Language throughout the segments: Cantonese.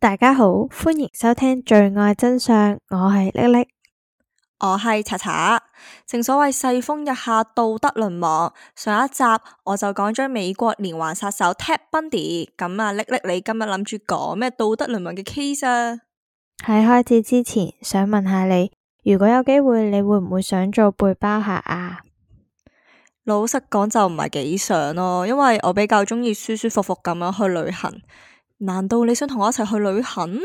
大家好，歡迎收聽《罪愛真相》，我係瀝瀝，我係查查。正所謂世風日下，道德淪亡。上一集我就講咗美國連環殺手 Ted Bundy。咁啊，瀝瀝，你今日諗住講咩道德淪亡嘅 case 啊？喺開始之前，想問下你，如果有機會，你會唔會想做背包客啊？老實講就唔係幾想咯，因為我比較鍾意舒舒服服咁樣去旅行。難道你想同我一齊去旅行？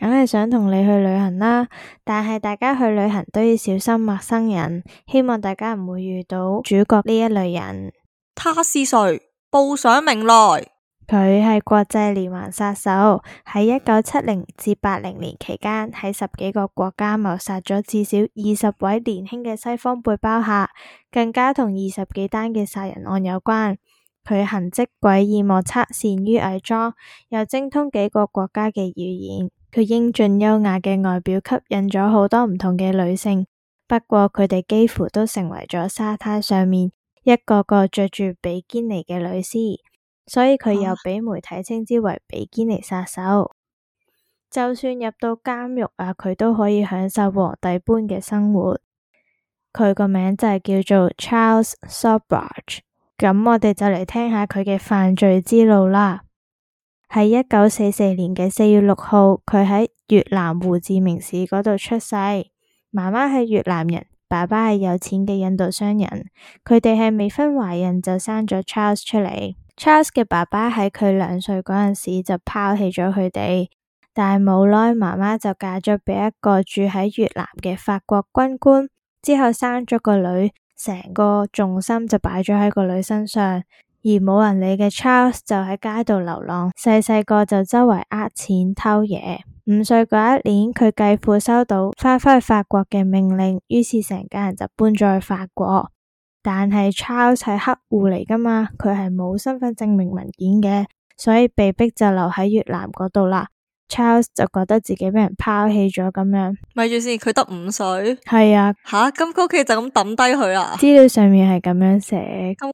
梗係想同你去旅行啦，但係大家去旅行都要小心陌生人，希望大家唔會遇到主角呢一類人。他是誰？報上名來。佢係國際連環殺手，喺一九七零至八零年期間，喺十幾個國家謀殺咗至少二十位年輕嘅西方背包客，更加同二十幾單嘅殺人案有關。佢行跡詭異莫測，善於偽裝，又精通幾個國家嘅語言。佢英俊優雅嘅外表吸引咗好多唔同嘅女性，不過佢哋幾乎都成為咗沙灘上面一個個着住比堅尼嘅女屍，所以佢又俾媒體稱之為比堅尼殺手。啊、就算入到監獄啊，佢都可以享受皇帝般嘅生活。佢個名就係叫做 Charles Sobhraj。咁我哋就嚟聽下佢嘅犯罪之路啦。喺一九四四年嘅四月六號，佢喺越南胡志明市嗰度出世，媽媽係越南人，爸爸係有錢嘅印度商人。佢哋係未婚懷孕就生咗 Charles 出嚟。Charles 嘅爸爸喺佢兩歲嗰陣時就拋棄咗佢哋，但係冇耐媽媽就嫁咗俾一個住喺越南嘅法國軍官，之後生咗個女。成個重心就擺咗喺個女身上，而冇人理嘅 Charles 就喺街度流浪，細細個就周圍呃錢偷嘢。五歲嗰一年，佢繼父收到返返去法國嘅命令，於是成家人就搬咗去法國。但係 Charles 係黑戶嚟㗎嘛，佢係冇身份證明文件嘅，所以被迫就留喺越南嗰度啦。Charles 就覺得自己被人拋棄咗咁樣，咪住先，佢得五歲，係啊，吓咁佢屋企就咁抌低佢啦。資料上面係咁樣寫，咁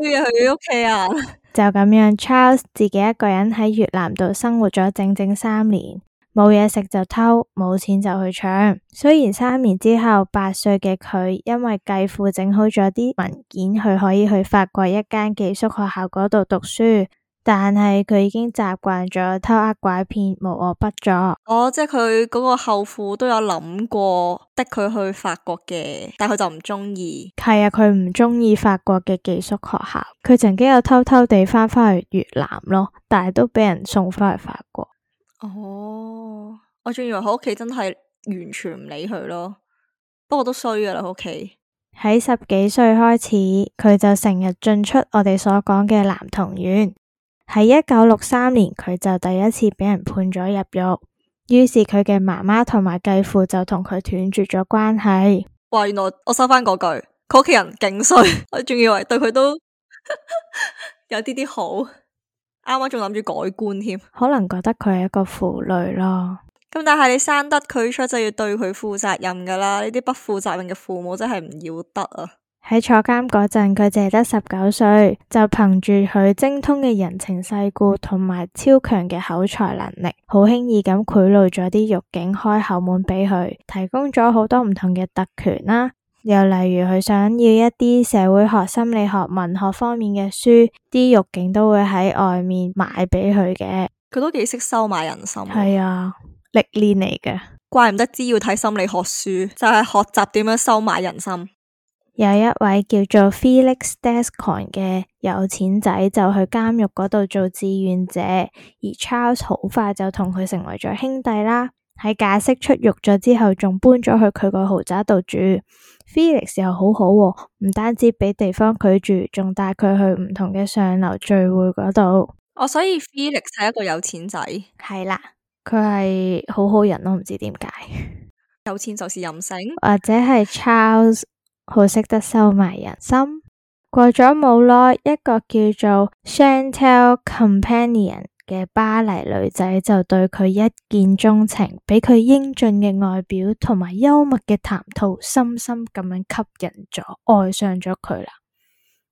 衰啊佢屋企啊，就咁樣，Charles 自己一個人喺越南度生活咗整整三年，冇嘢食就偷，冇錢就去搶。雖然三年之後八歲嘅佢因為繼父整好咗啲文件，佢可以去法國一間寄宿學校嗰度讀書。但係佢已經習慣咗偷呃拐騙，無惡不作。哦，即係佢嗰個後父都有諗過，逼佢去法國嘅，但係佢就唔中意。係啊，佢唔中意法國嘅寄宿學校。佢曾經有偷偷地返返去越南咯，但係都俾人送返去法國。哦，我仲以為佢屋企真係完全唔理佢咯。不過都衰噶啦，屋企喺十幾歲開始，佢就成日進出我哋所講嘅男童院。喺一九六三年，佢就第一次畀人判咗入獄，於是佢嘅媽媽同埋繼父就同佢斷絕咗關係。哇，原來我收返嗰句，佢屋企人勁衰，我仲以為對佢都 有啲啲好，啱啱仲諗住改觀添，可能覺得佢係一個負累咯。咁但係你生得佢出，就要對佢負責任噶啦，呢啲不負責任嘅父母真係唔要得啊！喺坐監嗰陣，佢淨係得十九歲，就憑住佢精通嘅人情世故同埋超強嘅口才能力，好輕易咁賄賂咗啲獄警開後門俾佢，提供咗好多唔同嘅特權啦。又例如佢想要一啲社會學、心理學、文學方面嘅書，啲獄警都會喺外面買畀佢嘅。佢都幾識收買人心，係啊，歷練嚟嘅。怪唔得知要睇心理學書，就係學習點樣收買人心。有一位叫做 Felix Descon 嘅有錢仔，就去監獄嗰度做志願者，而 Charles 好快就同佢成為咗兄弟啦。喺假釋出獄咗之後，仲搬咗去佢個豪宅度住。Felix 又好好喎，唔單止畀地方佢住，仲帶佢去唔同嘅上流聚會嗰度。我所以 Felix 係一個有錢仔，係啦，佢係好好人咯，唔知點解有錢就是任性，或者係 Charles。好識得收埋人心。過咗冇耐，一個叫做 Chantal Companion 嘅巴黎女仔就對佢一見鍾情，俾佢英俊嘅外表同埋幽默嘅談吐深深咁樣吸引咗，愛上咗佢啦。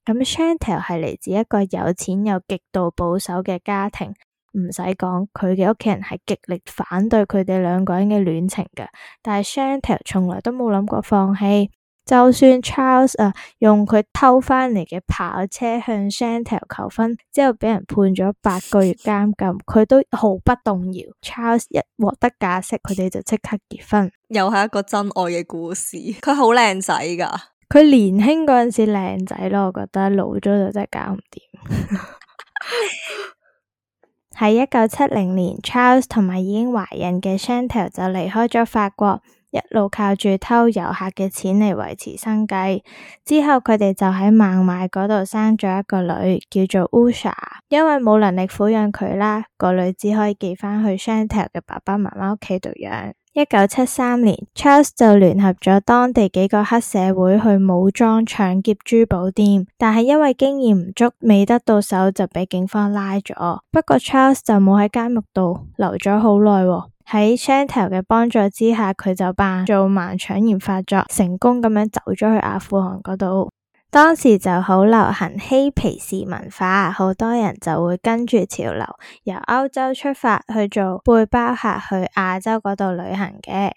咁 Chantal 係嚟自一個有錢又極度保守嘅家庭，唔使講，佢嘅屋企人係極力反對佢哋兩個人嘅戀情噶。但係 Chantal 從來都冇諗過放棄。就算 Charles 啊，用佢偷返嚟嘅跑車向 Chantel 求婚之後，畀人判咗八個月監禁，佢都毫不動搖。Charles 一獲得假釋，佢哋就即刻結婚。又係一個真愛嘅故事。佢好靚仔㗎，佢年輕嗰陣時靚仔咯，我覺得老咗就真係搞唔掂。喺一九七零年，Charles 同埋已經懷孕嘅 Chantel 就離開咗法國。一路靠住偷遊客嘅錢嚟維持生計，之後佢哋就喺孟買嗰度生咗一個女，叫做 Usha，因為冇能力撫養佢啦，個女只可以寄翻去 Shantel 嘅爸爸媽媽屋企度養。一九七三年，Charles 就聯合咗當地幾個黑社會去武裝搶劫珠寶店，但係因為經驗唔足，未得到手就俾警方拉咗。不過 Charles 就冇喺監獄度留咗好耐喎。喺 Chantel 嘅幫助之下，佢就扮做盲腸炎發作，成功咁樣走咗去阿富汗嗰度。當時就好流行嬉皮士文化，好多人就會跟住潮流，由歐洲出發去做背包客去亞洲嗰度旅行嘅。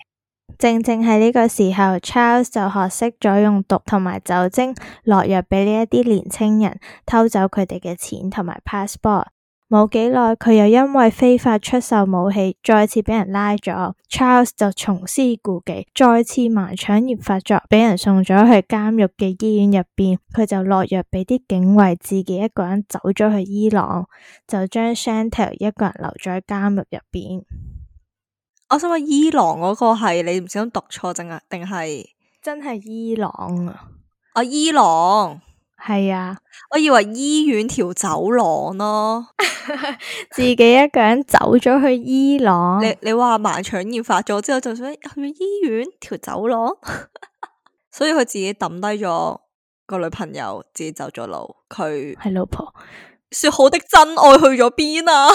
正正係呢個時候，Charles 就學識咗用毒同埋酒精落藥畀呢一啲年青人，偷走佢哋嘅錢同埋 passport。冇幾耐，佢又因為非法出售武器，再次畀人拉咗。Charles 就重施故技，再次盲腸炎發作，畀人送咗去監獄嘅醫院入邊。佢就落藥畀啲警衛，自己一個人走咗去伊朗，就將 Chantel 一個人留咗喺監獄入邊。我想問伊朗嗰個係你唔想讀錯定係真係伊朗啊？啊，oh, 伊朗。係啊，我以為醫院條走廊咯。 自己一個人走咗去伊朗。 你你話盲腸炎發咗之後，就想去醫院條走廊， 所以佢自己抌低咗個女朋友，自己走咗路。佢係老婆。說好的真愛去咗邊啊？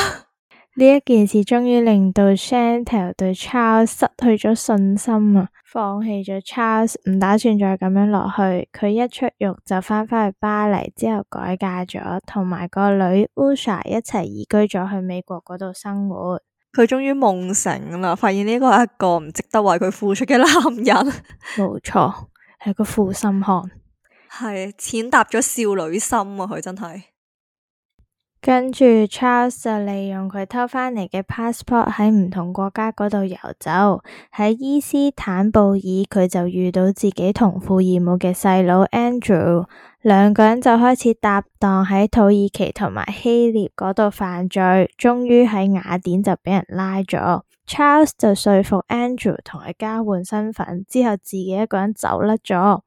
呢 一件事終於令到 Chantal 對 Charles 失去咗信心啊！放棄咗 Charles 唔打算再咁樣落去。佢一出獄就翻返去巴黎，之後改嫁咗，同埋個女 Usha 一齊移居咗去美國嗰度生活。佢終於夢醒啦，發現呢個係一個唔值得為佢付出嘅男人。冇 錯，係個負心漢。係踐踏咗少女心啊！佢真係。跟住，Charles 就利用佢偷返嚟嘅 passport 喺唔同國家嗰度遊走。喺伊斯坦布爾，佢就遇到自己同父異母嘅細佬 Andrew，兩個人就開始搭檔喺土耳其同埋希臘嗰度犯罪。終於喺雅典就畀人拉咗，Charles 就說服 Andrew 同佢交換身份，之後自己一個人走甩咗。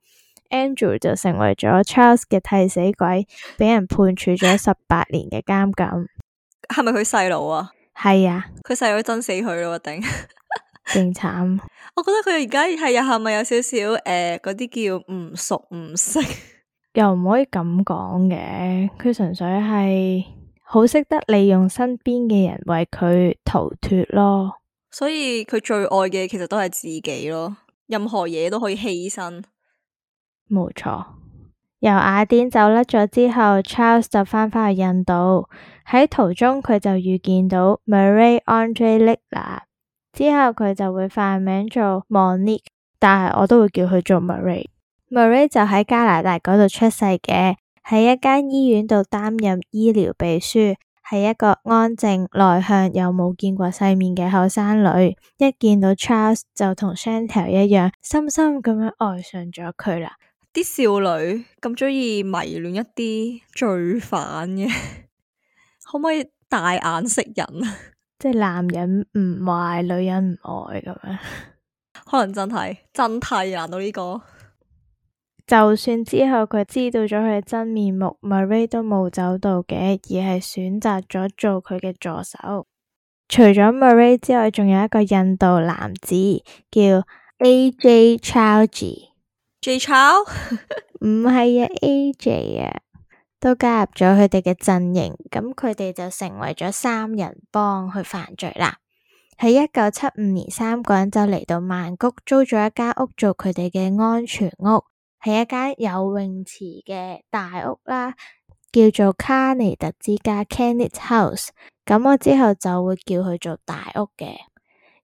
Andrew 就成為咗 Charles 嘅替死鬼，畀人判處咗十八年嘅監禁。係咪佢細佬啊？係啊，佢細佬憎死佢咯、啊，頂。勁 慘！我覺得佢而家係啊，係咪有少少誒，嗰啲叫唔熟唔識，又唔可以咁講嘅。佢純粹係好識得利用身邊嘅人為佢逃脫咯。所以佢最愛嘅其實都係自己咯，任何嘢都可以犧牲。冇錯，由雅典走甩咗之後，Charles 就返返去印度。喺途中佢就遇見到 Marie-Andrée Leclerc。And la, 之後佢就會化名做 Monique，但係我都會叫佢做 Marie。Marie 就喺加拿大嗰度出世嘅，喺一間醫院度擔任醫療秘書，係一個安靜內向又冇見過世面嘅後生女。一見到 Charles 就同 Chantal 一樣，深深咁樣愛上咗佢啦。啲少女咁鍾意迷戀一啲罪犯嘅， 可唔可以大眼識人啊？即係男人唔壞，女人唔愛咁樣， 可能真係真太難到呢、這個？就算之後佢知道咗佢嘅真面目，Marie 都冇走到嘅，而係選擇咗做佢嘅助手。除咗 Marie 之外，仲有一個印度男子叫 A. J. Chougi 最醜唔係啊，A J 啊，都加入咗佢哋嘅陣營，咁佢哋就成為咗三人幫去犯罪啦。喺一九七五年，三個人就嚟到曼谷租咗一間屋做佢哋嘅安全屋，係一間有泳池嘅大屋啦，叫做卡尼特之家 Kanit House）。咁我之後就會叫佢做大屋嘅。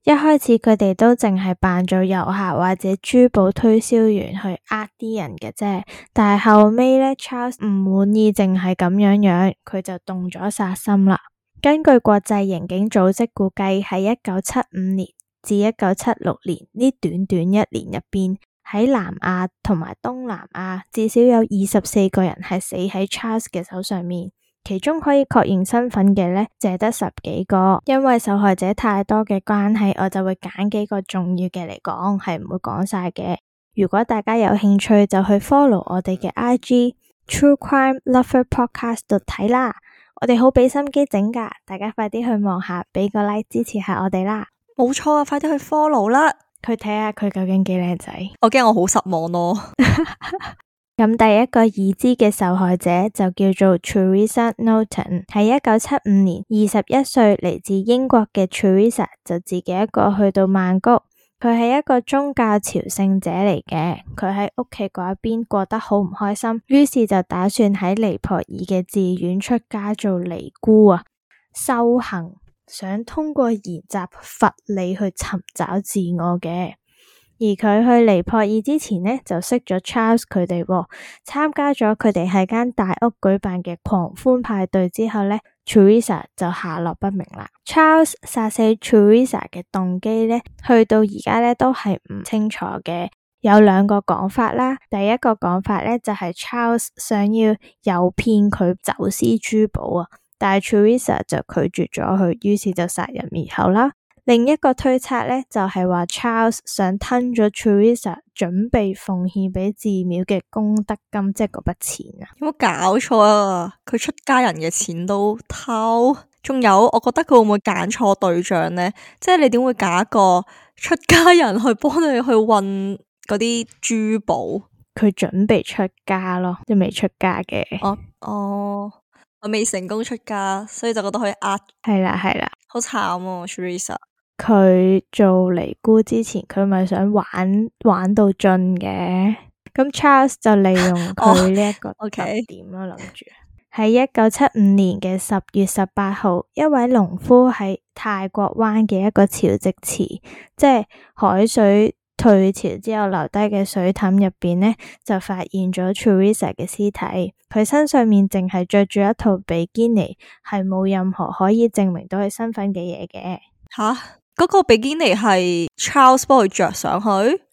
一開始佢哋都淨係扮做遊客或者珠寶推銷員去呃啲人嘅啫，但係後尾呢 Charles 唔滿意淨係咁樣樣，佢就動咗殺心啦。根據國際刑警組織估計，喺一九七五年至一九七六年呢，短短一年入邊，喺南亞同埋東南亞至少有二十四個人係死喺 Charles 嘅手上面。其中可以確認身份嘅呢，淨係得十幾個，因為受害者太多嘅關係，我就會揀幾個重要嘅嚟講，係唔會講晒嘅。如果大家有興趣，就去 follow 我哋嘅 IG、嗯、True Crime Lover Podcast 度睇啦。我哋好畀心機整噶，大家快啲去望下，畀個 like 支持下我哋啦。冇錯啊，快啲去 follow 啦，佢睇下佢究竟幾靚仔。我驚我好失望咯。 咁第一個已知嘅受害者就叫做 Teresa Norton，喺一九七五年，二十一歲嚟自英國嘅 Teresa 就自己一個去到曼谷，佢係一個宗教朝聖者嚟嘅，佢喺屋企嗰一邊過得好唔開心，於是就打算喺尼泊爾嘅寺院出家做尼姑啊，修行，想通過研習佛理去尋找自我嘅。而佢去尼泊爾之前呢，就識咗 Charles 佢哋，參加咗佢哋喺間大屋舉辦嘅狂歡派對之後呢，Teresa 就下落不明啦。Charles 殺死 Teresa 嘅動機呢，去到而家呢都係唔清楚嘅，有兩個講法啦。第一個講法呢，就係、是、Charles 想要誘騙佢走私珠寶啊，但係 Teresa 就拒絕咗佢，於是就殺人滅口啦。另一個推測咧，就係話 Charles 想吞咗 Teresa 準備奉獻畀寺廟嘅功德金，即係嗰筆錢啊！有冇搞錯啊？佢出家人嘅錢都偷？仲有，我覺得佢會唔會揀錯對象咧？即係你點會揀個出家人去幫你去運嗰啲珠寶？佢準備出家咯，都未出家嘅，哦。哦，我未成功出家，所以就覺得佢呃。係啦，係啦，好慘啊，Teresa。佢做尼姑之前，佢咪想玩玩到盡嘅。咁 Charles 就利用佢呢一個特點、 哦、OK 點咯，諗住喺一九七五年嘅十月十八號，一位農夫喺泰國灣嘅一個潮汐池，即係海水退潮之後留低嘅水凼入邊咧，就發現咗 Teresa 嘅屍體。佢身上面淨係着住一套比基尼，係冇任何可以證明到佢身份嘅嘢嘅吓。嗰個比堅尼係 Charles 幫佢着上去，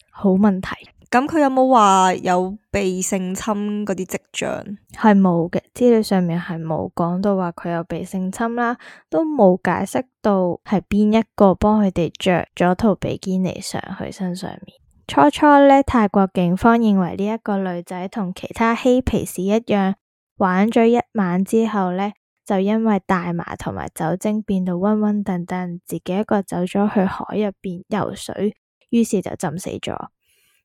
好問題。咁佢有冇話有被性侵嗰啲跡象？係冇嘅，資料上面係冇講到話佢有被性侵啦，都冇解釋到係邊一個幫佢哋着咗套比堅尼上去身上面。初初咧，泰國警方認為呢一個女仔同其他嬉皮士一樣，玩咗一晚之後咧。就因為大麻同埋酒精變到暈暈沌沌，自己一個走咗去海入邊游水，於是就浸死咗。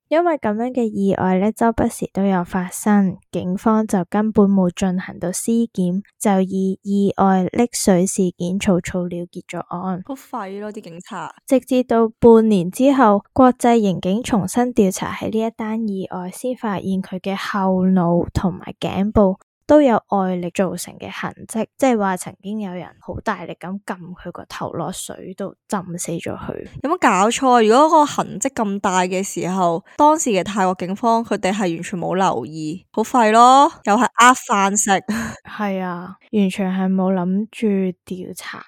因為咁樣嘅意外呢，周不時都有發生，警方就根本冇進行到屍檢，就以意外溺水事件草草了結咗案。好廢咯，啲警察。直至到半年之後，國際刑警重新調查喺呢一單意外，先發現佢嘅後腦同埋頸部。都有外力造成嘅痕迹，即係話曾經有人好大力咁撳佢個頭落水度浸死咗佢。有冇搞錯？啊？如果個痕迹咁大嘅時候，當時嘅泰國警方佢哋係完全冇留意，好廢咯，又係呃飯食，係 啊，完全係冇諗住調查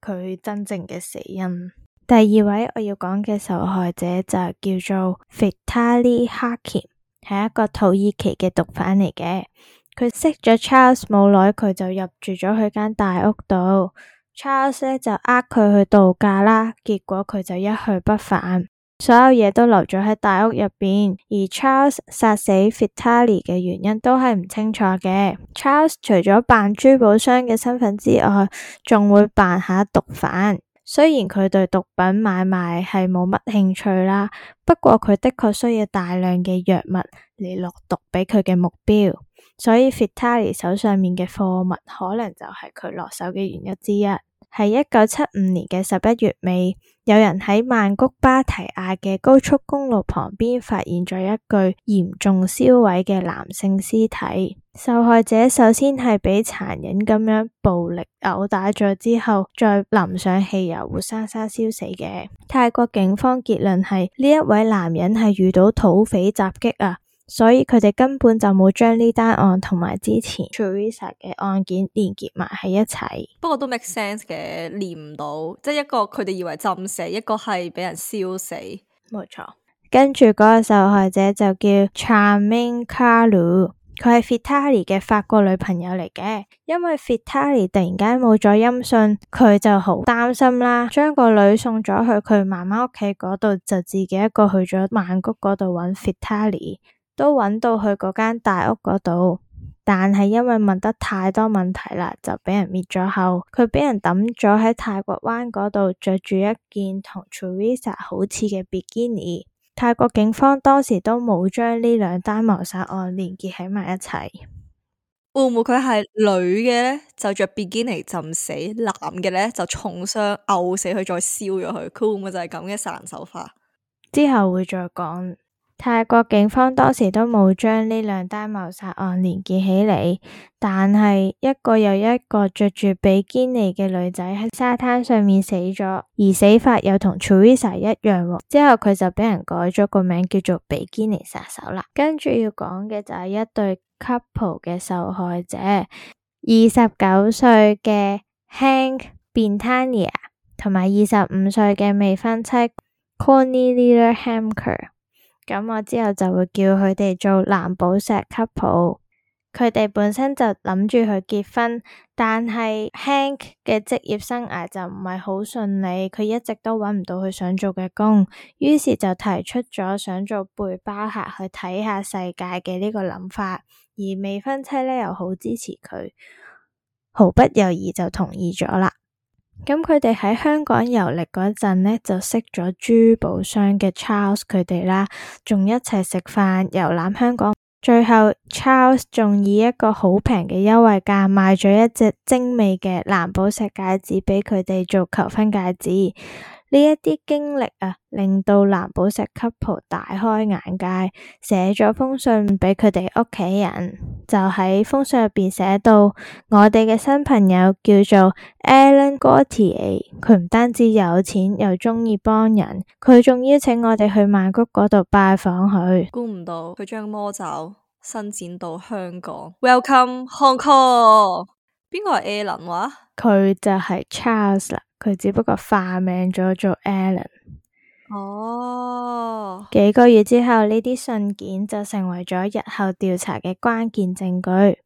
佢真正嘅死因。第二位我要講嘅受害者就叫做 Vitali Hakim，係一個土耳其嘅毒販嚟嘅。佢識咗 Charles 冇耐，佢就入住咗佢間大屋度。Charles 就呃佢去度假啦，結果佢就一去不返，所有嘢都留咗喺大屋入邊。而 Charles 殺死 Vitali 嘅原因都係唔清楚嘅。 Charles 除咗扮珠寶商嘅身份之外，仲會扮下毒販。雖然佢對毒品買賣係冇乜興趣啦，不過佢的確需要大量嘅藥物嚟落毒畀佢嘅目標，所以 Vitali 手上面嘅貨物可能就係佢落手嘅原因之一。喺一九七五年嘅十一月尾，有人喺曼谷芭堤雅嘅高速公路旁邊發現咗一具嚴重燒毀嘅男性屍體，受害者首先係被殘忍咁樣暴力毆打咗之後，再淋上汽油活生生燒死嘅。泰國警方結論係呢一位男人係遇到土匪襲擊啊。所以佢哋根本就冇將呢單案同埋之前 Teresa 嘅案件連結埋喺一齊。不過都 make sense 嘅，連唔到，即係一個佢哋以為浸死，一個係俾人燒死。冇錯，跟住嗰個受害者就叫 Charmayne Carrou。佢係 Vitali 嘅法國女朋友嚟嘅。因為 Vitali 突然間冇咗音訊，佢就好擔心啦，將個女送咗去佢媽媽屋企嗰度，就自己一個去咗曼谷嗰度揾 Vitali。都揾到去嗰間大屋嗰度，但係因為問得太多問題啦，就畀人滅咗口。佢畀人抌咗喺泰國灣嗰度，着住一件同 Teresa 好似嘅比基尼。泰國警方當時都冇將呢兩單謀殺案連結喺埋一齊。會唔會佢係女嘅呢？就着比基尼浸死，男嘅呢，就重傷毆死佢再燒咗佢。佢會唔會就係咁嘅殺人手法？之後會再講。泰國警方當時都冇將呢兩單謀殺案連結起嚟，但係一個又一個着住比堅尼嘅女仔喺沙灘上面死咗，而死法又同 Teresa 一樣。之後佢就畀人改咗個名，叫做比堅尼殺手啦。跟住要講嘅就係一對 couple 嘅受害者，二十九歲嘅 Hank Bintania 同埋二十五歲嘅未婚妻 Cornelia Hamker。咁我之後就會叫佢哋做藍寶石 couple，佢哋本身就諗住去結婚，但係 Hank 嘅職業生涯就唔係好順利，佢一直都揾唔到佢想做嘅工，於是就提出咗想做背包客去睇下世界嘅呢個諗法，而未婚妻呢又好支持佢，毫不猶豫就同意咗啦。咁佢哋喺香港遊歷嗰陣呢，就識咗珠寶商嘅 Charles 佢哋啦，仲一齊食飯、遊覽香港。最後 Charles 仲以一個好平嘅優惠價，買咗一隻精美嘅藍寶石戒指畀佢哋做求婚戒指。呢一啲經歷啊，令到藍寶石 couple 大開眼界，寫咗封信畀佢哋屋企人。就喺封信入邊寫到：我哋嘅新朋友叫做 Alan Gautier，佢唔單止有錢，又中意幫人，佢仲邀請我哋去曼谷嗰度拜訪佢。估唔到佢將魔爪伸展到香港。Welcome Hong Kong，邊個係 Alan 話？佢就係 Charles 啦。佢只不過化名咗做 Alan。哦，oh。幾個月之後，呢啲信件就成為咗日後調查嘅關鍵證據。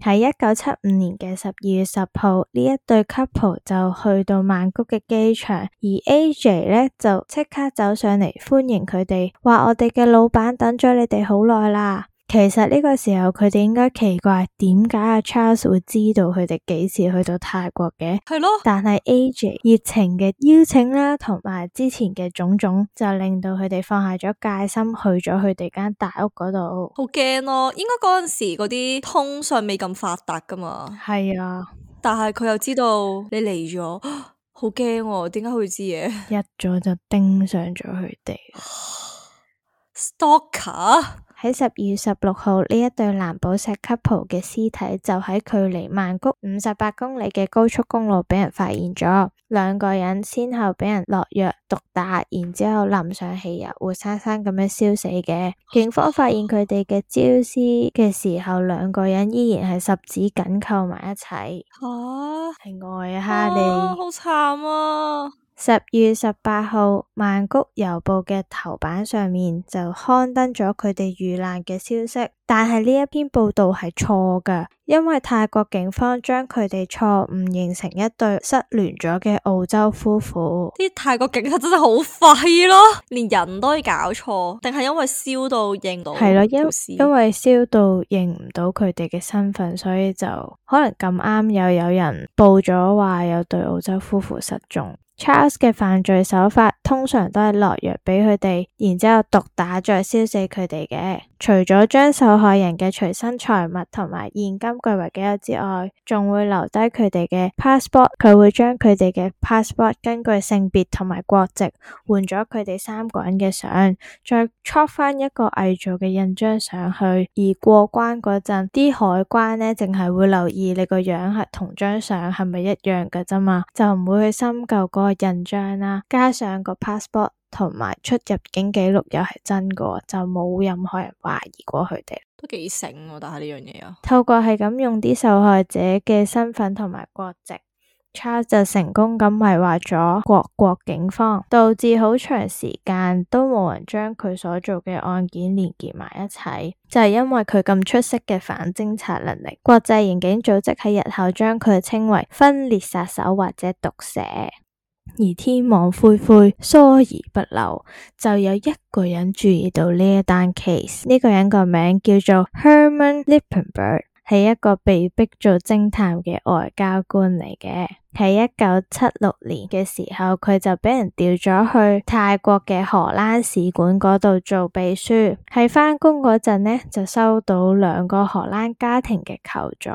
喺一九七五年嘅十二月十號，呢一對 couple 就去到曼谷嘅機場，而 AJ 呢就即刻走上嚟歡迎佢哋，話我哋嘅老闆等咗你哋好耐啦。其實呢個時候佢哋應該奇怪點解阿 Charles 會知道佢哋幾時去到泰國嘅？係咯，但係 AJ 熱情嘅邀請啦，同埋之前嘅種種就令到佢哋放下咗戒心，去咗佢哋間大屋嗰度。好驚咯，應該嗰陣時嗰啲通訊未咁發達噶嘛？係啊，但係佢又知道你嚟咗，好驚，點解、哦、會知嘢？ 一早就盯上咗佢哋，Stalker。啊 St 喺十二月十六號，呢一對藍寶石 couple 嘅屍體就喺距離曼谷五十八公里嘅高速公路俾人發現咗，兩個人先後俾人落藥毒打，然之後淋上汽油，活生生咁樣燒死嘅。警方發現佢哋嘅焦屍嘅時候，兩個人依然係十指緊扣埋一齊。吓、啊，係外哈嚟、啊，好慘啊！十月十八號，《曼谷郵報》嘅頭版上面就刊登咗佢哋遇難嘅消息，但係呢一篇報道係錯㗎，因為泰國警方將佢哋錯誤認成一對失聯咗嘅澳洲夫婦。啲泰國警察真係好廢咯，連人都要搞錯，定係因為燒到認唔到？係咯，因因為燒到認唔到佢哋嘅身份，所以就可能咁啱又有人報咗話有對澳洲夫婦失蹤。Charles 嘅犯罪手法通常都係落藥俾佢哋，然之後毒打再燒死佢哋嘅。除咗將受害人嘅隨身財物同埋現金據為己有之外，仲會留低佢哋嘅 passport。佢會將佢哋嘅 passport 根據性別同埋國籍換咗佢哋三個人嘅相，再戳翻一個偽造嘅印章上去。而過關嗰陣，啲海關呢，淨係會留意你個樣係同張相係咪一樣噶啫嘛，就唔會去深究嗰。印章啦，加上個 passport 同埋出入境記錄又係真個，就冇任何人懷疑過佢哋。都幾醒，但係呢樣嘢啊，透過係咁用啲受害者嘅身份同埋國籍 Charles 就成功咁迷惑咗各國警方，導致好長時間都冇人將佢所做嘅案件連結埋一齊。就係因為佢咁出色嘅反偵察能力，國際刑警組織喺日後將佢稱為分裂殺手或者毒蛇。而天網恢恢，疏而不漏，就有一個人注意到呢一單 case。呢、這個人個名叫做 Herman Lippenberg 係一個被逼做偵探嘅外交官嚟嘅。喺一九七六年嘅時候，佢就畀人調咗去泰國嘅荷蘭使館嗰度做秘書。喺翻工嗰陣呢，就收到兩個荷蘭家庭嘅求助。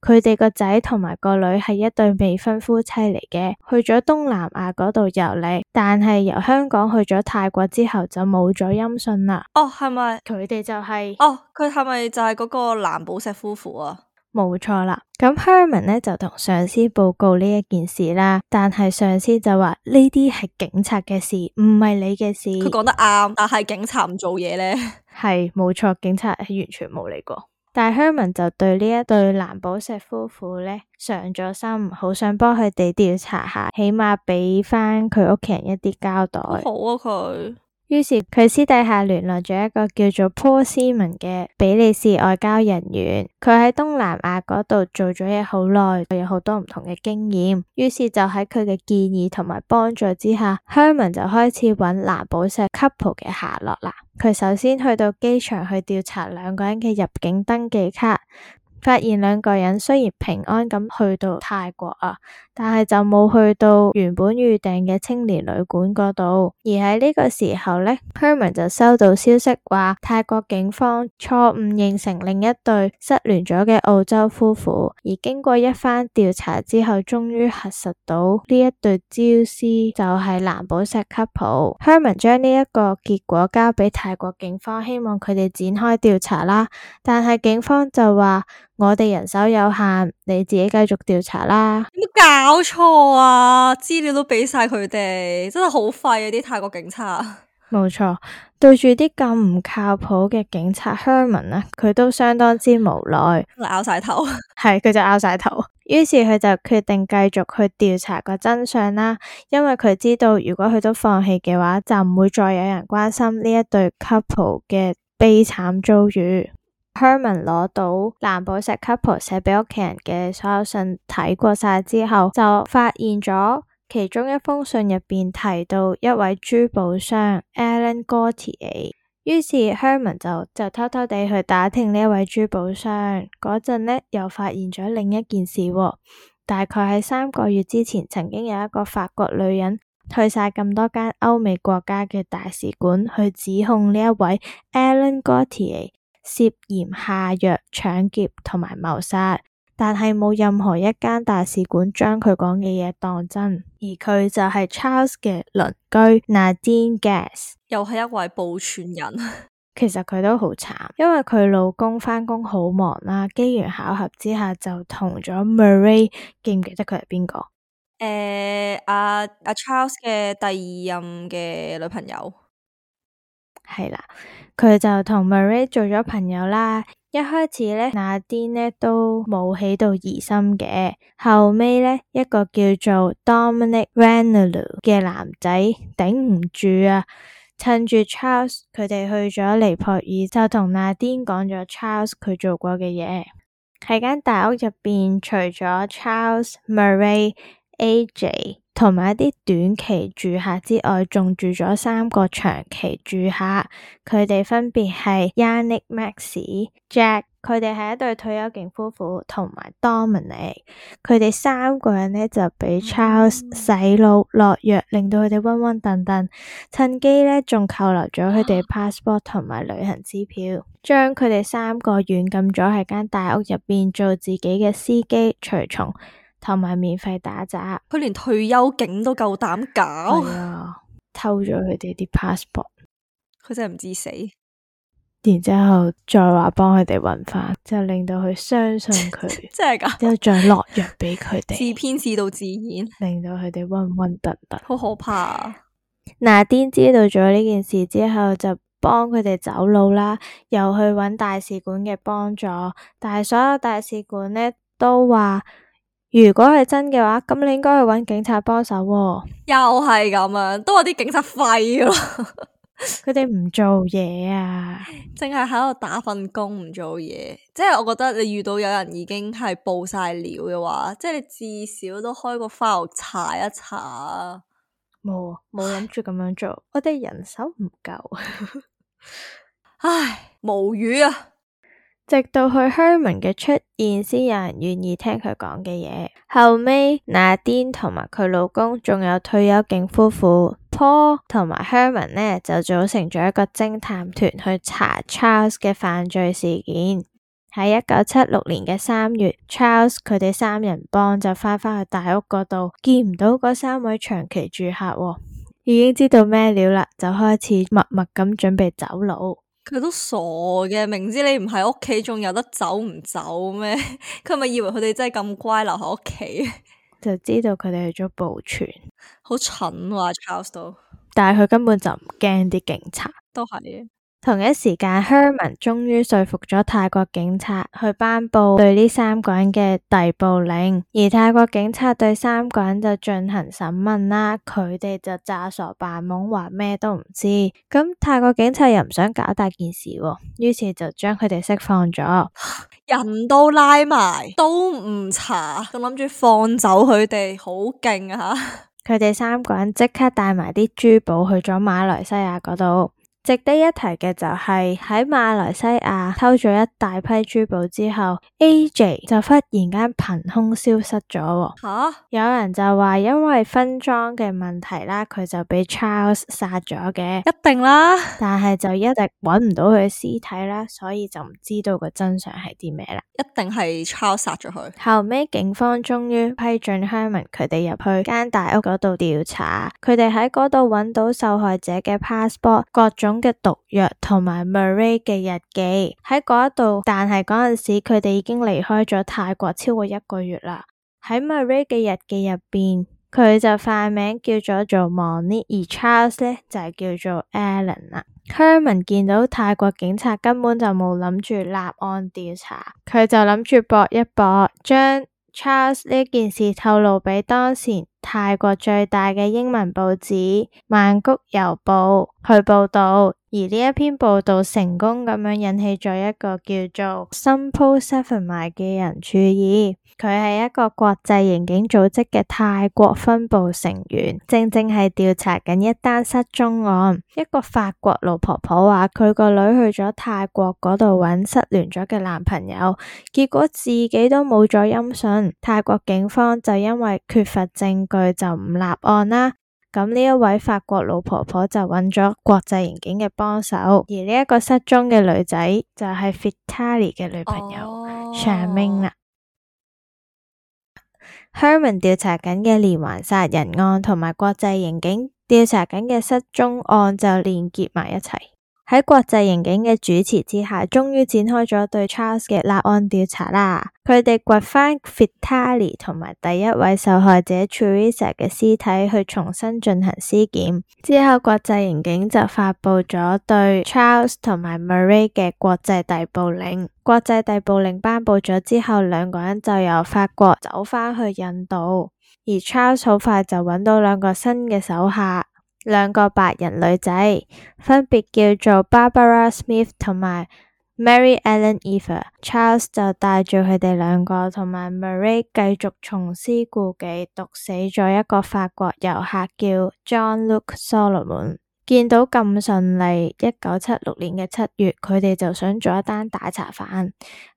佢哋個仔同埋個女係一對未婚夫妻嚟嘅，去咗東南亞嗰度遊歷，但係由香港去咗泰國之後就冇咗音訊啦。哦，係咪佢哋就係、是？哦，佢係咪就係嗰個藍寶石夫婦啊？冇錯啦，咁 Herman 咧，就同上司報告呢一件事啦，但係上司就話呢啲係警察嘅事，唔係你嘅事。佢講得啱，但係警察唔做嘢咧。係 冇錯，警察係完全冇嚟過。 但係 Herman 就對呢一對藍寶石夫婦咧，上咗心，好想幫佢哋調查下，起碼俾翻佢屋企人一啲交代。好啊，佢。於是佢私底下聯絡咗一個叫做 Paul Simon 嘅比利時外交人員，佢喺東南亞嗰度做咗嘢好耐，有好多唔同嘅經驗。於是就喺佢嘅建議同埋幫助之下，Herman 就開始揾藍寶石 couple 嘅下落啦。佢首先去到機場去調查兩個人嘅入境登記卡。發現兩個人雖然平安咁去到泰國啊，但係就冇去到原本預訂嘅青年旅館嗰度。而喺呢個時候呢，Herman 就收到消息話泰國警方錯誤認成另一對失聯咗嘅澳洲夫婦。而經過一番調查之後，終於核實到呢一對焦屍就係藍寶石 Couple。Herman 將呢一個結果交俾泰國警方，希望佢哋展開調查啦。但係警方就話。我哋人手有限，你自己繼續調查啦。有冇搞錯啊？資料都畀晒佢哋，真係好廢啊！啲泰國警察。冇錯，對住啲咁唔靠譜嘅警察，Herman 啊，佢都相當之無奈，咬晒頭。係，佢就咬晒頭。 於是佢就決定繼續去調查個真相啦，因為佢知道如果佢都放棄嘅話，就唔會再有人關心呢一對 couple 嘅悲慘遭、遭遇。Herman 攞到藍寶石 Couple 寫畀屋企人嘅所有信睇過晒之後，就發現咗其中一封信入邊提到一位珠寶商 Alan Gautier。於是 Herman 就就偷偷地去打聽呢位珠寶商。嗰陣呢又發現咗另一件事，大概喺三個月之前，曾經有一個法國女人去晒咁多間歐美國家嘅大使館，去指控呢一位 Alan Gautier。涉嫌下藥、搶劫同埋謀殺，但係冇任何一間大使館將佢講嘅嘢當真。而佢就係 Charles 嘅鄰居 Nadine Gas，又係一位報存人。 其實佢都好慘，因為佢老公返工好忙啦。機緣巧合之下，就同咗 Marie，記唔記得佢係邊個？誒，阿阿 Charles 嘅第二任嘅女朋友。係啦，佢就同 Marie 做咗朋友啦。一開始呢，那癲呢都冇起到疑心嘅。後尾呢，一個叫做 Dominic Renello 嘅男仔頂唔住啊，趁住 Charles 佢哋去咗尼泊爾，就同那癲講咗 Charles 佢做過嘅嘢。喺間大屋入邊，除咗 Charles、Marie、A.J. 同埋一啲短期住客之外，仲住咗三個長期住客，佢哋分別係 Yannick、Max、Jack，佢哋係一對退休勁夫婦，同埋 Dominic，佢哋三個人呢，就畀 Charles 洗腦落藥，令到佢哋昏昏沌沌，趁機呢，仲扣留咗佢哋 passport 同埋旅行支票，將佢哋三個軟禁咗喺間大屋入邊做自己嘅司機隨從。隨從同埋免費打雜，佢連退休警都夠膽搞， 哎、偷咗佢哋啲 passport，佢真係唔知死。然之後再話幫佢哋搵翻，就令到佢相信佢 真係噶嗎。之後再落藥俾佢哋， 自編自導自演，令到佢哋暈暈突突，好可怕。啊！嗱， 癲知道咗呢件事之後，就幫佢哋走路啦，又去揾大使館嘅幫助，但係所有大使館呢，都話。如果係真嘅話，咁你應該去揾警察幫手，啊。又係咁樣，啊，都係啲警察廢咯。佢哋唔做嘢啊，淨係喺度打份工，唔做嘢。即係我覺得你遇到有人已經係報晒料嘅話，即係你至少都開個 file 查一查。冇冇諗住咁樣做， 我哋人手唔夠。 唉，無語啊！直到去 Herman 嘅出現，先有人願意聽佢講嘅嘢。後尾那癲同埋佢老公，仲有退休警夫婦 Paul 同埋 Herman 呢，就組成咗一個偵探團去查 Charles 嘅犯罪事件。喺一九七六年嘅三月，Charles 佢哋三人幫就返返去大屋嗰度，見唔到嗰三位長期住客，哦，已經知道咩料啦，就開始默默咁準備走佬。佢都傻嘅，明知你唔喺屋企，仲有得走唔走咩？佢 咪以為佢哋真係咁乖留喺屋企， 就知道佢哋去咗保存，好蠢啊！Charles 都，但係佢根本就唔驚啲警察，都係。同一時間，Herman 終於說服咗泰國警察去頒布對呢三個人嘅逮捕令，而泰國警察對三個人就進行審問啦。佢哋就詐傻扮懵，話咩都唔知。咁泰國警察又唔想搞大件事，於是就將佢哋釋放咗。人都拉埋，都唔查，仲諗住放走佢哋，好勁啊！佢 哋三個人即刻帶埋啲珠寶去咗馬來西亞嗰度。值得一提嘅就係、是、喺馬來西亞偷咗一大批珠寶之後，A.J. 就忽然間憑空消失咗。吓、啊，有人就話因為分贓嘅問題啦，佢就俾 Charles 殺咗嘅，一定啦。但係就一直揾唔到佢嘅屍體啦，所以就唔知道個真相係啲咩啦。一定係 Charles 殺咗佢。後尾警方終於批准 Herman 佢哋入去間大屋嗰度調查，佢哋喺嗰度揾到受害者嘅 passport，各種。嘅毒藥同埋 Marie 嘅日記喺嗰度，但係嗰陣時佢哋已經離開咗泰國超過一個月啦。喺 Marie 嘅日記入邊，佢就化名叫咗做 Moni，而 Charles 呢就係、是、叫做 Alan 啦。Herman 見到泰國警察根本就冇諗住立案調查，佢就諗住搏一搏，將。Charles 呢件事透露畀當前泰國最大嘅英文報紙《曼谷郵報》去報道，而呢一篇報道成功咁樣引起咗一個叫做 Simple Seven 賣嘅人注意。佢係一個國際刑警組織嘅泰國分部成員，正正係調查緊一單失蹤案。一個法國老婆婆話，佢個女去咗泰國嗰度搵失聯咗嘅男朋友，結果自己都冇咗音訊。泰國警方就因為缺乏證據就唔立案啦。咁呢一位法國老婆婆就搵咗國際刑警嘅幫手，而呢一個失蹤嘅女仔就係 Fitali 嘅女朋友 Charmaine Herman 調查緊嘅連環殺人案，同埋國際刑警調查緊嘅失蹤案就連結埋一齊。喺國際刑警嘅主持之下，終於展開咗對 Charles 嘅立案調查啦。佢哋掘翻 Vitali 同埋第一位受害者 Teresa 嘅屍體去重新進行屍檢。之後，國際刑警就發佈咗對 Charles 同埋 Marie 嘅國際逮捕令。國際逮捕令頒佈咗之後，兩個人就由法國走翻去印度，而 Charles 好快就揾到兩個新嘅手下。兩個白人女仔分別叫做 Barbara Smith 同埋 Mary Ellen Eva。Charles 就帶住佢哋兩個同埋 Marie 繼續重施故技，毒死咗一個法國遊客叫 John Luke Solomon。見到咁順利，一九七六年嘅七月，佢哋就想做一單大茶飯，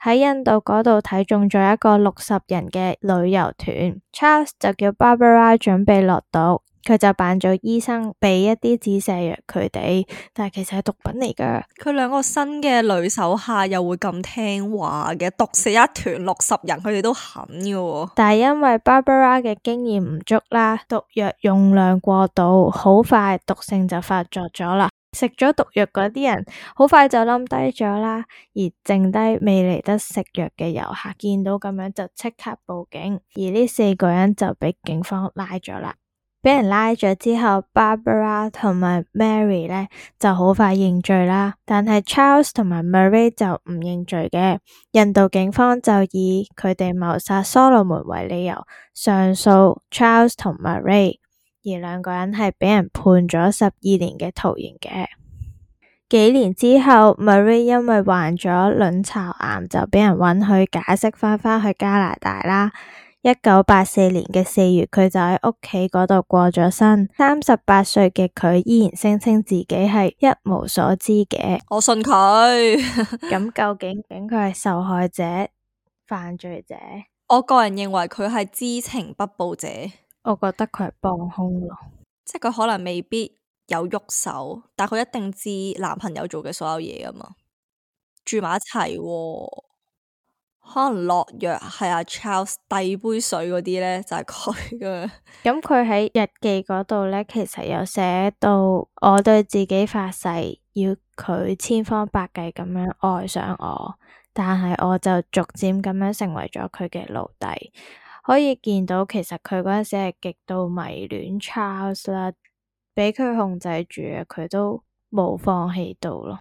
喺印度嗰度睇中咗一個六十人嘅旅遊團，Charles 就叫 Barbara 準備落毒。佢就扮咗醫生，畀一啲止瀉藥佢哋，但係其實係毒品嚟噶。佢兩個新嘅女手下又會咁聽話嘅，毒死一團六十人，佢哋都肯噶。但係因為 Barbara 嘅經驗唔足啦，毒藥用量過度，好快毒性就發作咗啦。食咗毒藥嗰啲人好快就冧低咗啦，而剩低未嚟得食藥嘅遊客見到咁樣就即刻報警，而呢四個人就俾警方拉咗啦。俾人拉咗之後，Barbara 同埋 Mary 咧就好快認罪啦。但係 Charles 同埋 Mary 就唔認罪嘅。印度警方就以佢哋謀殺 Solomon 為理由上訴 Charles 同 Mary，而兩個人係俾人判咗十二年嘅徒刑嘅。幾年之後，Mary 因為患咗卵巢癌，就俾人允許解釋返返去加拿大啦。一九八四年嘅四月，佢就喺屋企嗰度過咗身。三十八歲嘅佢依然聲稱自己係一無所知嘅。我信佢。咁究竟佢係受害者、犯罪者？我個人認為佢係知情不報者。我覺得佢係幫兇咯，即係佢可能未必有喐手，但佢一定知男朋友做嘅所有嘢噶嘛。住埋一齊，哦。可能落藥係阿 Charles 遞杯水嗰啲咧，就係佢㗎。咁佢喺日記嗰度咧，其實有寫到，我對自己發誓，要佢千方百計咁樣愛上我，但係我就逐漸咁樣成為咗佢嘅奴隸。可以見到其實佢嗰陣時係極度迷戀 Charles 啦，俾佢控制住啊，佢都冇放棄到咯。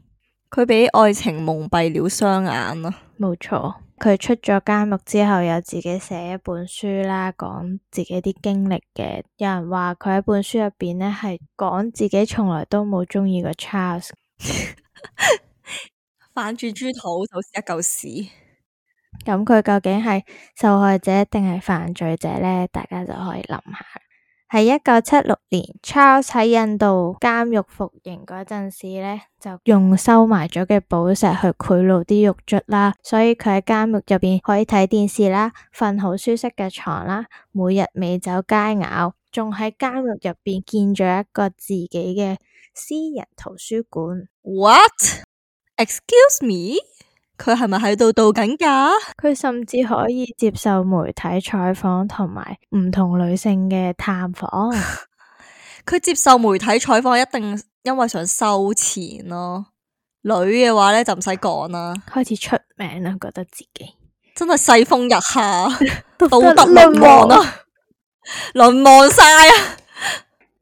佢畀愛情蒙蔽了雙眼咯，冇錯。佢出咗監獄之後，有自己寫一本書啦，講自己啲經歷嘅。有人話佢喺本書入邊呢，係講自己從來都冇中意過 Charles，反轉豬肚就是一嚿屎。咁佢究竟係受害者定係犯罪者呢？大家就可以諗下。喺一九七六年，Charles 喺印度監獄服刑嗰陣時咧，就用收埋咗嘅寶石去賄賂啲獄卒啦，所以佢喺監獄入邊可以睇電視啦，瞓好舒適嘅床啦，每日美酒佳肴，仲喺監獄入邊建咗一個自己嘅私人圖書館。What? Excuse me? 佢係咪喺度度緊噶？佢甚至可以接受媒體採訪同埋唔同女性嘅探訪。佢 接受媒體採訪，一定因為想收錢咯、啊。女嘅話咧就唔使講啦。開始出名啦，覺得自己真係世風日下，道德淪亡啦，淪亡晒啊！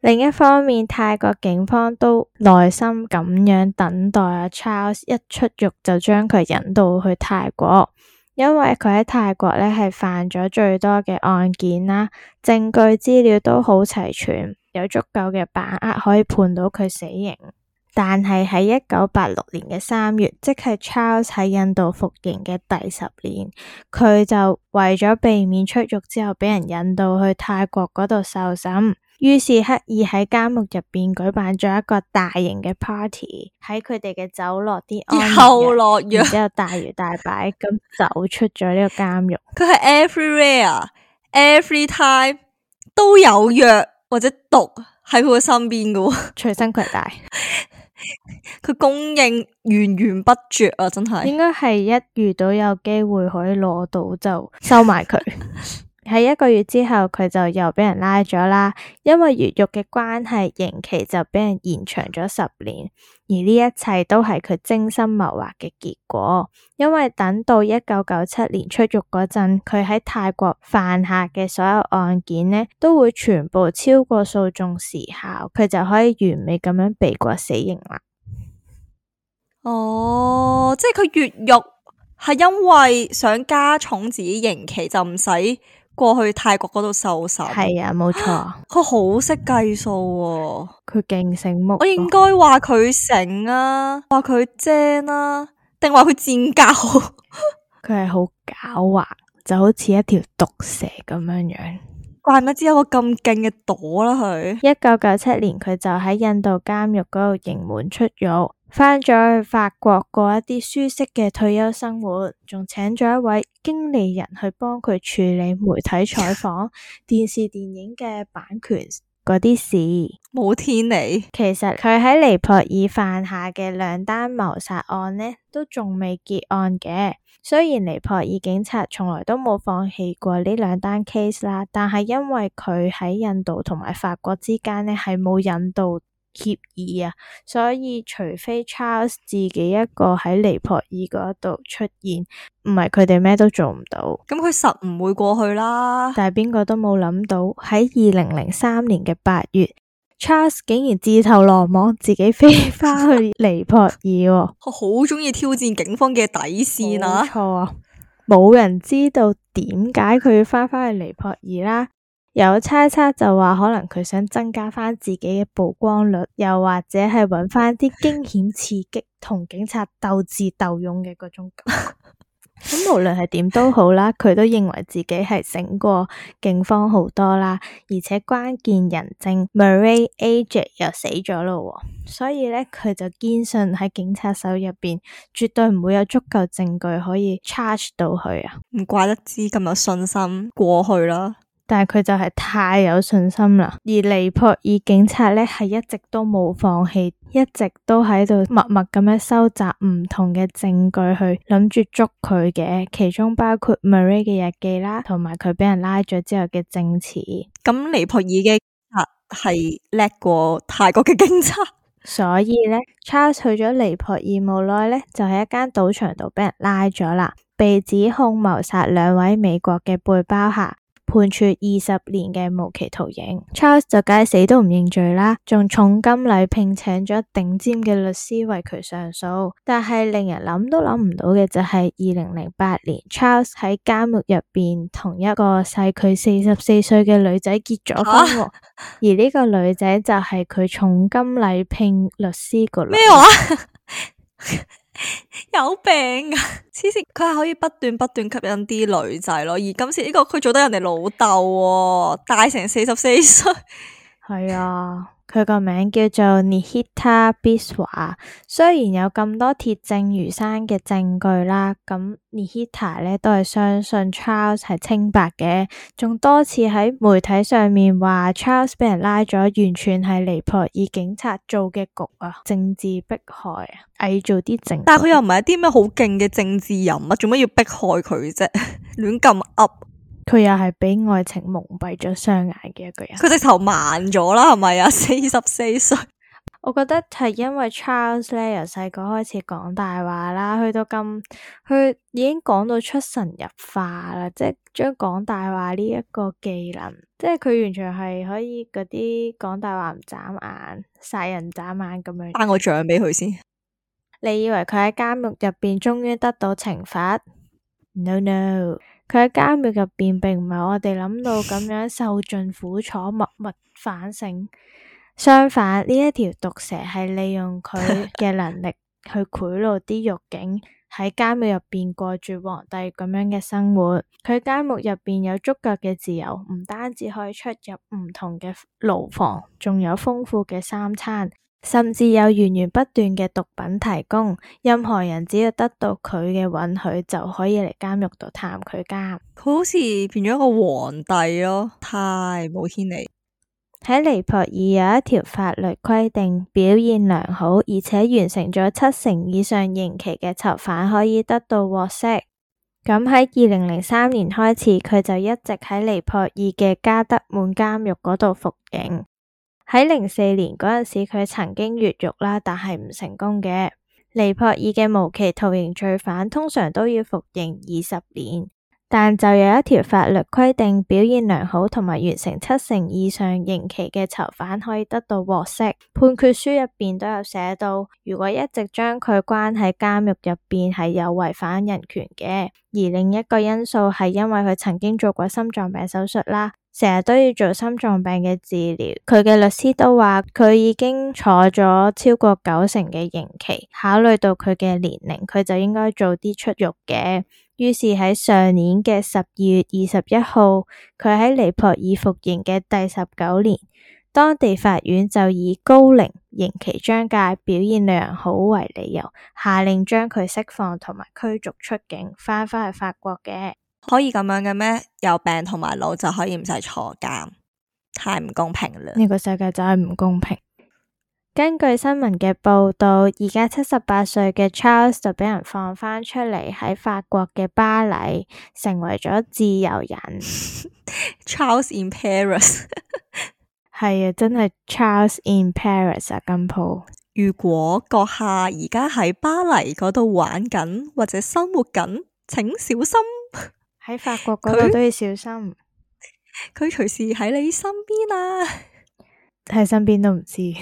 另一方面，泰國警方都耐心咁樣等待阿 Charles 一出獄就將佢引渡去泰國，因為佢喺泰國呢係犯咗最多嘅案件啦，證據資料都好齊全，有足夠嘅把握可以判到佢死刑。但係喺一九八六年嘅三月，即係 Charles 喺印度服刑嘅第十年，佢就為咗避免出獄之後畀人引渡去泰國嗰度受審。於是刻意喺監獄入邊舉辦咗一個大型嘅 party，喺佢哋嘅酒落啲安眠藥，之然之後大搖大擺咁走出咗呢個監獄。佢係 everywhere，every time 都有藥或者毒喺佢身邊嘅，隨身攜帶。佢供應源源不絕啊！真係應該係一遇到有機會可以攞到就收埋佢。 喺一個月之後，佢就又俾人拉咗啦。因為越獄嘅關係，刑期就俾人延長咗十年。而呢一切都係佢精心謀劃嘅結果。因為等到一九九七年出獄嗰陣，佢喺泰國犯下嘅所有案件呢，都會全部超過訴訟時效，佢就可以完美咁樣避過死刑啦。哦，即係佢越獄係因為想加重自己刑期，就唔使。過去泰國嗰度受審，係啊，冇錯。佢好識計數喎，佢勁醒目。啊哦、我應該話佢醒啊，話佢精啊，定話佢賤格。佢係好狡猾，就好似一條毒蛇咁樣樣。怪唔之有個咁勁嘅朵啦佢。一九九七年，佢就喺印度監獄嗰度刑滿出獄。返咗去法國過一啲舒適嘅退休生活，仲請咗一位經理人去幫佢處理媒體採訪、 電視電影嘅版權嗰啲事。冇天理！其實佢喺尼泊爾犯下嘅兩單謀殺案呢，都仲未結案嘅。雖然尼泊爾警察從來都冇放棄過呢兩單 case 啦，但係因為佢喺印度同埋法國之間呢，係冇引渡協議啊，所以除非 Charles 自己一個喺尼泊爾嗰度出現，唔係佢哋咩都做唔到。咁佢實唔會過去啦。但係邊個都冇諗到，喺二零零三年嘅八月 ，Charles 竟然自投羅網，自己飛返去尼泊爾。我好中意挑戰警方嘅底線啊！冇錯啊，冇人知道點解佢要返返去尼泊爾啦。有猜測就話可能佢想增加返自己嘅曝光率，又或者係揾返啲驚險刺激同警察鬥智鬥勇嘅嗰種。咁 無論係點都好啦，佢都認為自己係醒過警方好多啦，而且關鍵人證 Marie Age 又死咗啦，所以咧佢就堅信喺警察手入邊絕對唔會有足夠證據可以 charge 到佢啊！唔怪得知咁有信心過去啦。但係佢就係太有信心啦，而尼泊爾警察咧係一直都冇放棄，一直都喺度默默咁樣收集唔同嘅證據，去諗住捉佢嘅，其中包括 Mary 嘅日記啦，同埋佢俾人拉咗之後嘅證詞。咁尼泊爾嘅警察係叻過泰國嘅警察，所以咧，Charles 去咗尼泊爾無耐咧，就喺一間賭場度俾人拉咗啦，被指控謀殺兩位美國嘅背包客。判處二十年嘅無期徒刑，Charles 就梗係死都唔認罪啦，仲重金禮聘請咗頂尖嘅律師為佢上訴。但係令人諗都諗唔到嘅就係，二零零八年，Charles 喺監獄入邊同一個細佢四十四歲嘅女仔結咗婚，啊、而呢個女仔就係佢重金禮聘律師個女。咩話？ 有病啊！黐線，佢係可以不斷不斷吸引啲女仔咯，而今次呢個佢做得人哋老豆喎，大成四十四歲，係 啊。佢個名叫做 Nihita Biswa，雖然有咁多鐵證如山嘅證據啦，咁 Nihita 咧都係相信 Charles 係清白嘅，仲多次喺媒體上面話 Charles 俾人拉咗，完全係尼泊爾警察做嘅局啊！政治迫害啊，偽造啲證，但佢又唔係一啲咩好勁嘅政治人物，做乜要迫害佢啫？亂咁噏。佢又係畀愛情蒙蔽咗雙眼嘅一個人。佢直頭慢咗啦，係咪啊？四十四歲， 我覺得係因為 Charles 咧，由細個開始講大話啦，去到咁，佢已經講到出神入化啦，即係將講大話呢一個技能，即係佢完全係可以嗰啲講大話唔眨眼、殺人唔眨眼咁樣。頒個獎畀佢先。你以為佢喺監獄入邊終於得到懲罰？No no。佢喺監獄入邊，並唔係我哋諗到咁樣受盡苦楚、默默反省。相反，呢一條毒蛇係利用佢嘅能力去賄賂啲獄警，喺監獄入邊過住皇帝咁樣嘅生活。佢喺監獄入邊有足夠嘅自由，唔單止可以出入唔同嘅牢房，仲有豐富嘅三餐。甚至有源源不斷嘅毒品提供，任何人只要得到佢嘅允許，就可以嚟監獄度探佢監。好似變咗一個皇帝咯，哦，太冇天理。喺尼泊爾有一條法律規定，表現良好而且完成咗七成以上刑期嘅囚犯可以得到獲釋。咁喺二零零三年開始，佢就一直喺尼泊爾嘅加德滿監獄嗰度服刑。喺零四年嗰陣時，佢曾經越獄啦，但係唔成功嘅。尼泊爾嘅無期徒刑罪犯通常都要服刑二十年，但就有一條法律規定，表現良好同埋完成七成以上刑期嘅囚犯可以得到獲釋。判決書入邊都有寫到，如果一直將佢關喺監獄入邊，係有違反人權嘅。而另一個因素係因為佢曾經做過心臟病手術啦。成日都要做心臟病嘅治療，佢嘅律師都話佢已經坐咗超過九成嘅刑期，考慮到佢嘅年齡，佢就應該早啲出獄嘅。於是喺上年嘅十二月二十一號，佢喺尼泊爾服刑嘅第十九年，當地法院就以高齡、刑期將屆、表現良好為理由，下令將佢釋放同埋驅逐出境，翻返去法國嘅。可以咁樣嘅咩？有病同埋老就可以唔使坐監，太唔公平啦！呢個世界就係唔公平。根據新聞嘅報道，而家七十八歲嘅 Charles 就俾人放翻出嚟喺法國嘅巴黎，成為咗自由人。 Charles in Paris 係 啊，真係 Charles in Paris 啊，金鋪。如果閣下而家喺巴黎嗰度玩緊或者生活緊，請小心。喺法國嗰度他都要小心，佢隨時喺你身邊啊！喺 身邊都唔知。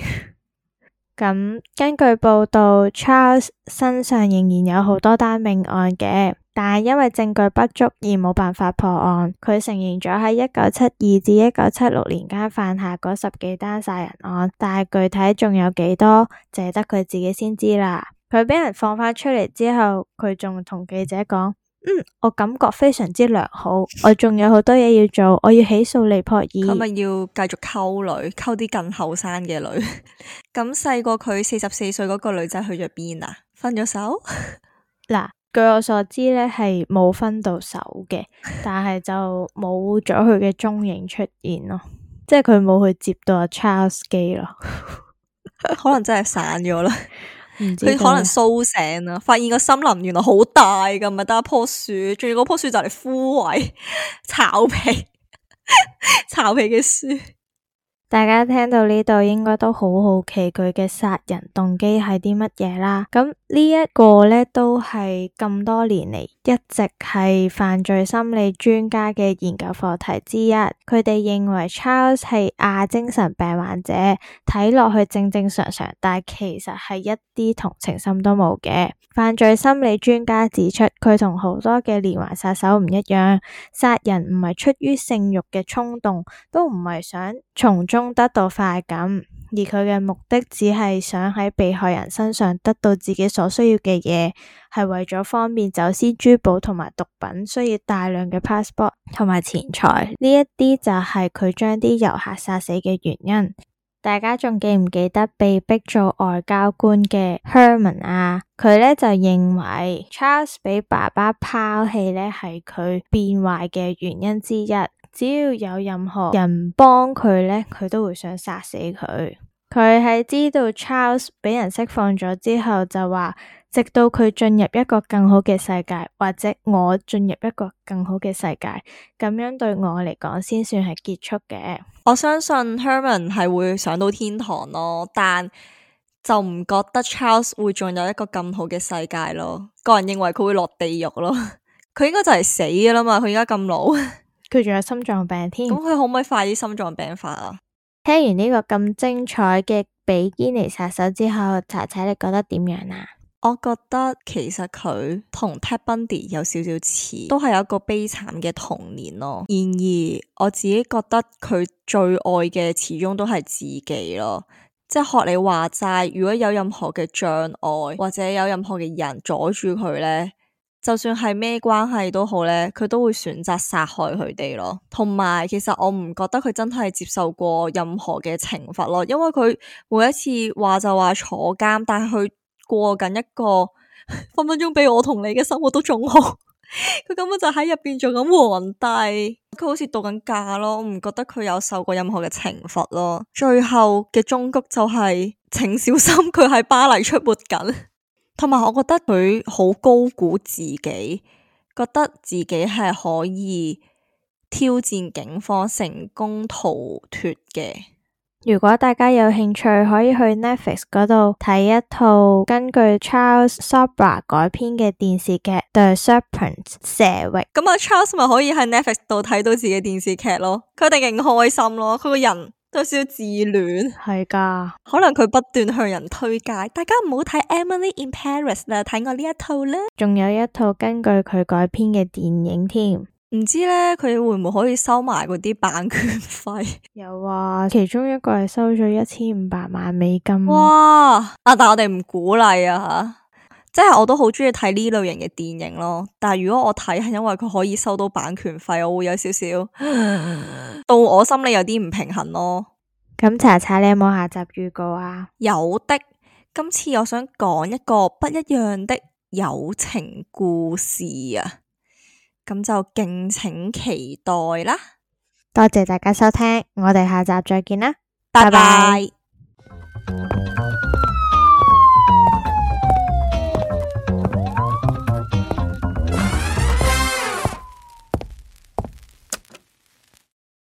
咁根據報道，Charles 身上仍然有好多單命案嘅，但係因為證據不足而冇辦法破案。佢承認咗喺一九七二至一九七六年間犯下嗰十幾單殺人案，但係具體仲有幾多，淨係得佢自己先知啦。佢畀人放返出嚟之後，佢仲同記者講。嗯，我感覺非常之良好。我仲有好多嘢要做，我要起訴尼泊爾。佢咪要繼續溝女，溝啲更後生嘅女。咁細過佢四十四歲嗰個女仔去咗邊啊？分咗手？嗱， 據我所知咧，係冇分到手嘅，但係就冇咗佢嘅蹤影出現咯。 即係佢冇去接到阿 Charles 機咯， 可能真係散咗啦。 佢可能蘇醒啦，發現個森林原來好大噶，唔係得一棵樹，仲有嗰棵樹就嚟枯萎、巢 炒皮、 巢皮嘅樹。大家聽到呢度應該都好好奇佢嘅殺人動機係啲乜嘢啦。咁。呢一個咧，都係咁多年嚟，一直係犯罪心理專家嘅研究課題之一。佢哋認為 Charles 係亞精神病患者，睇落去正正常常，但其實係一啲同情心都冇嘅。犯罪心理專家指出，佢同好多嘅連環殺手唔一樣，殺人唔係出於性欲嘅衝動，都唔係想從中得到快感。而佢嘅目的只係想喺被害人身上得到自己所需要嘅嘢，係為咗方便走私珠寶同埋毒品，需要大量嘅 passport 同埋錢財。呢一啲就係佢將啲遊客殺死嘅原因。大家仲記唔記得被逼做外交官嘅 Herman 啊？佢咧就認為 Charles 俾爸爸拋棄咧係佢變壞嘅原因之一。只要有任何人幫佢咧，佢都會想殺死佢。佢喺知道 Charles 俾人釋放咗之後，就話直到佢進入一個更好嘅世界，或者我進入一個更好嘅世界，咁樣對我嚟講先算係結束嘅。我相信 Herman 係會上到天堂咯，但就唔覺得 Charles 會仲有一個更好嘅世界咯。個人認為佢會落地獄咯，佢應該就係死㗎啦嘛，佢而家咁老。佢仲有心臟病添，咁佢可唔可以快啲心臟病發啊？聽完呢個咁精彩嘅比堅尼殺手之後，查查你覺得點樣啊？我覺得其實佢同 Ted Bundy 有少少似，都係有一個悲慘嘅童年咯。然而我自己覺得佢最愛嘅始終都係自己咯，即係學你話齋，如果有任何嘅障礙或者有任何嘅人阻住佢咧。就算係咩關係都好咧，佢都會選擇殺害佢哋咯。同埋，其實我唔覺得佢真係接受過任何嘅懲罰咯，因為佢每一次話就話坐監，但係佢過緊一個 分分鐘比我同你嘅生活都仲好，佢 根本就喺入邊做緊皇帝，佢好似度緊假咯。我唔覺得佢有受過任何嘅懲罰咯。最後嘅終局就係、是，請小心佢喺巴黎出沒緊。同埋，我覺得佢好高估自己，覺得自己係可以挑戰警方成功逃脫嘅。如果大家有興趣，可以去 Netflix 嗰度睇一套根據 Charles Sobhraj 改編嘅電視劇《The Serpent 蛇域》。咁啊，Charles 咪可以喺 Netflix 度睇到自己嘅電視劇咯，佢哋定勁開心咯，佢個人。多少自戀係噶，的可能佢不斷向人推介，大家唔好睇《Emily in Paris》啦，睇我呢一套啦，仲有一套根據佢改編嘅電影添，唔知咧佢會唔會可以收埋嗰啲版權費？有啊，其中一個係收咗一千五百萬美金。哇、啊！但我哋唔鼓勵啊。即係我都好中意睇呢類型嘅電影咯，但係如果我睇係因為佢可以收到版權費，我會有少少到我心裏有啲唔平衡咯。咁查查，你有冇下集預告啊？有的，今次我想講一個不一樣的友情故事啊，咁就敬請期待啦。多謝大家收聽，我哋下集再見啦，拜拜。拜拜。